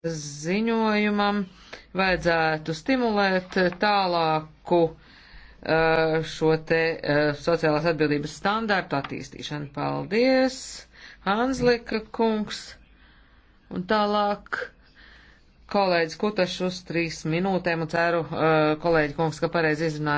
ziņojumam vajadzētu stimulēt tālāku eh, šo te eh, sociālās atbildības standārtu attīstīšanu. Paldies, Hanslika kungs. Un tālāk kolēģis Kutašs uz trīs minūtēm un ceru, eh, kolēģi kungs, ka pareizi izrunāju.